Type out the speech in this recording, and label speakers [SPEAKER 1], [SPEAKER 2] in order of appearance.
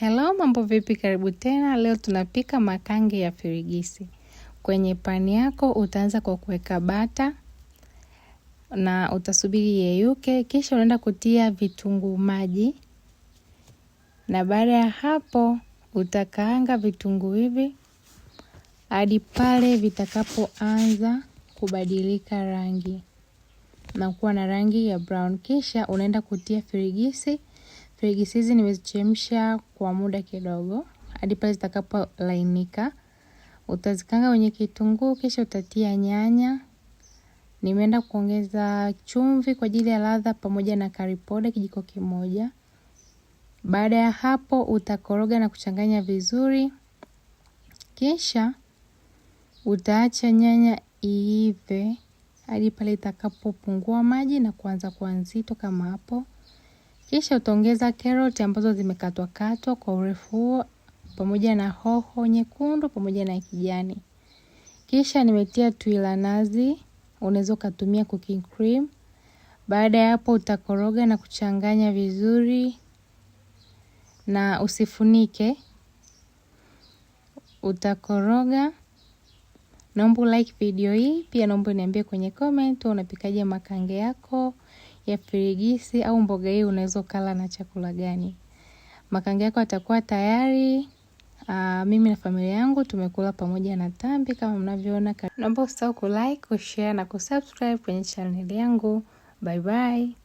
[SPEAKER 1] Hello, mambo vipi? Karibu tena. Leo tunapika makange ya firigisi. Kwenye pani yako utaanza kwa kuweka bata na utasubiri yeyuke, kisha unaenda kutia vitunguu maji, na baada ya hapo utakaanga vitunguu hivi hadi pale vitakapoanza kubadilika rangi na kuwa na rangi ya brown, kisha unaenda kutia firigisi Fegisi hizi nimezichemsha kwa muda kidogo hadi pale zitakapolainika. Utazikanga kwenye kitunguu, kisha utatia nyanya. Nimeenda kuongeza chumvi kwa ajili ya ladha pamoja na karipoda kijiko kimoja. Baada ya hapo utakoroga na kuchanganya vizuri, kisha utaacha nyanya iive hadi pale itakapopungua maji na kuanza kuwa nzito kama hapo. Kisha utaongeza karoti ambazo zimekatwakatwa kwa urefu huo pamoja na hoho nyekundu pamoja na kijani. Kisha nimetia tui la nazi, unaweza ukatumia cooking cream. Baada ya hapo utakoroga na kuchanganya vizuri na usifunike. Utakoroga. Naomba like video hii, pia naomba niambie kwenye comment unapikaje makange yako ya pirigisi au mboga hii unaweza ukala na chakula gani. Makangi yako atakuwa tayari. Uh, mimi na familia yangu tumekula pamoja na tambi kama mnavyoona. Naomba usisahau kulike, kushare na kusubscribe kwenye chaneli yangu. Bye bye.